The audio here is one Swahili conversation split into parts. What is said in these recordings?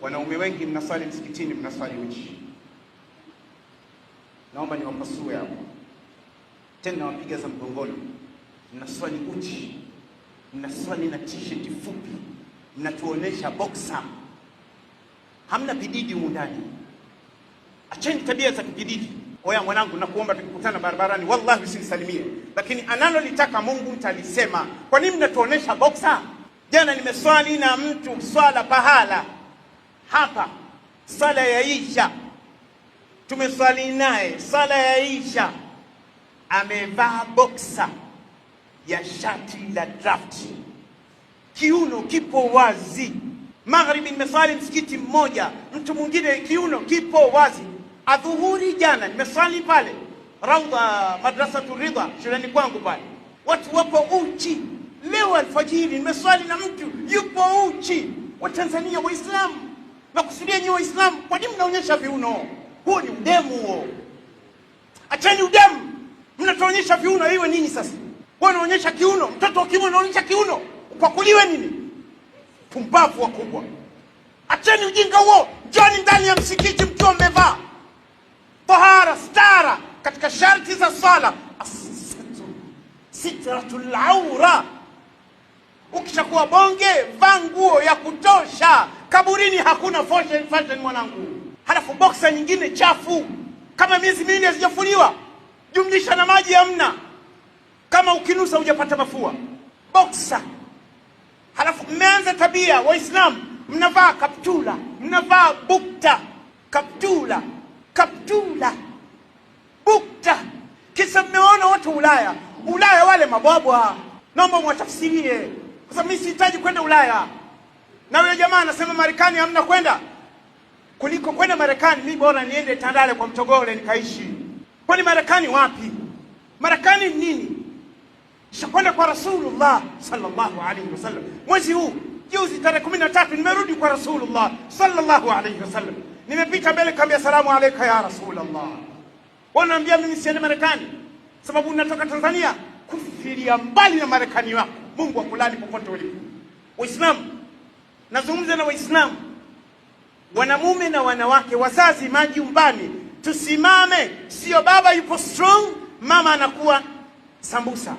Wanaume wengi mnaswali msikitini, mnaswali uchi. Naomba niwapasue hapo tena, wapiga za mgongoni, mnaswali uchi, mnaswali na t-shirt fupi, mnatuonesha boksa hamna bididi humu ndani. Acheni tabia za kibididi. Oya mwanangu, nakuomba tukikutana barabarani, wallahi usinisalimie, lakini analolitaka Mungu mtalisema. Kwa nini mnatuonesha boksa? Jana nimeswali na mtu swala pahala hapa sala ya Isha tumeswali naye sala ya Isha, amevaa boksa ya shati la draft, kiuno kipo wazi. Magharibi nimeswali msikiti mmoja, mtu mwingine kiuno kipo wazi. Adhuhuri jana nimeswali pale Raudha Madrasatu Ridha shuleni kwangu pale, watu wapo uchi. Leo alfajiri nimeswali na mtu yupo uchi. Watanzania Waislamu Nakusudia nyinyi Waislamu, kwa nini mnaonyesha viuno? Huo ni udemu huo. Acheni udemu, mnatuonyesha viuno iwe nini sasa? Wewe unaonyesha kiuno, mtoto wa kiume unaonyesha kiuno kwa kuliwe nini? Pumbavu wakubwa. Acheni ujinga huo, njoni ndani ya msikiti mkiwa mmevaa tahara, stara katika sharti za sala, sitratul aura Ukishakuwa bonge, vaa nguo ya kutosha. Kaburini hakuna fashion, fashion mwanangu. Halafu boksa nyingine chafu, kama miezi miwili hazijafuliwa, jumlisha na maji hamna, kama ukinusa hujapata mafua. Boksa halafu mmeanza tabia, Waislamu mnavaa kaptula, mnavaa bukta. Kaptula, kaptula, bukta, kisa mmeona watu Ulaya. Ulaya wale mabwabwa, naomba mwatafsirie. Sasa mimi sihitaji kwenda Ulaya, na huyo jamaa anasema Marekani hamna kwenda. Kuliko kwenda Marekani, mimi bora niende Tandale kwa Mtogole nikaishi. Kwani Marekani wapi? Marekani nini? Shakwenda kwa Rasulullah sallallahu alaihi wasallam mwezi huu juzi tarehe 13 nimerudi kwa Rasulullah sallallahu alaihi wasallam. Nimepita mbele kaambia salamu alayka ya Rasulullah, wanaambia mimi siende Marekani sababu natoka Tanzania, kufiria mbali na Marekani wako Mungu akulali popote ulipo. Waislamu, nazungumza na Waislamu, wanamume na wanawake, wazazi, majumbani, tusimame. Sio baba yupo strong, mama anakuwa sambusa,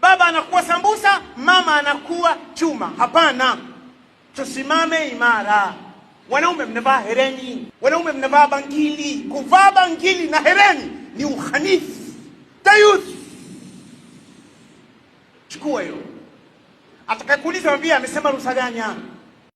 baba anakuwa sambusa, mama anakuwa chuma. Hapana, tusimame imara. Wanaume mnavaa hereni, wanaume mnavaa bangili. Kuvaa bangili na hereni ni uhanifu tayuth. Chukua hiyo. Atakayekuuliza mwambie amesema Rusaganya.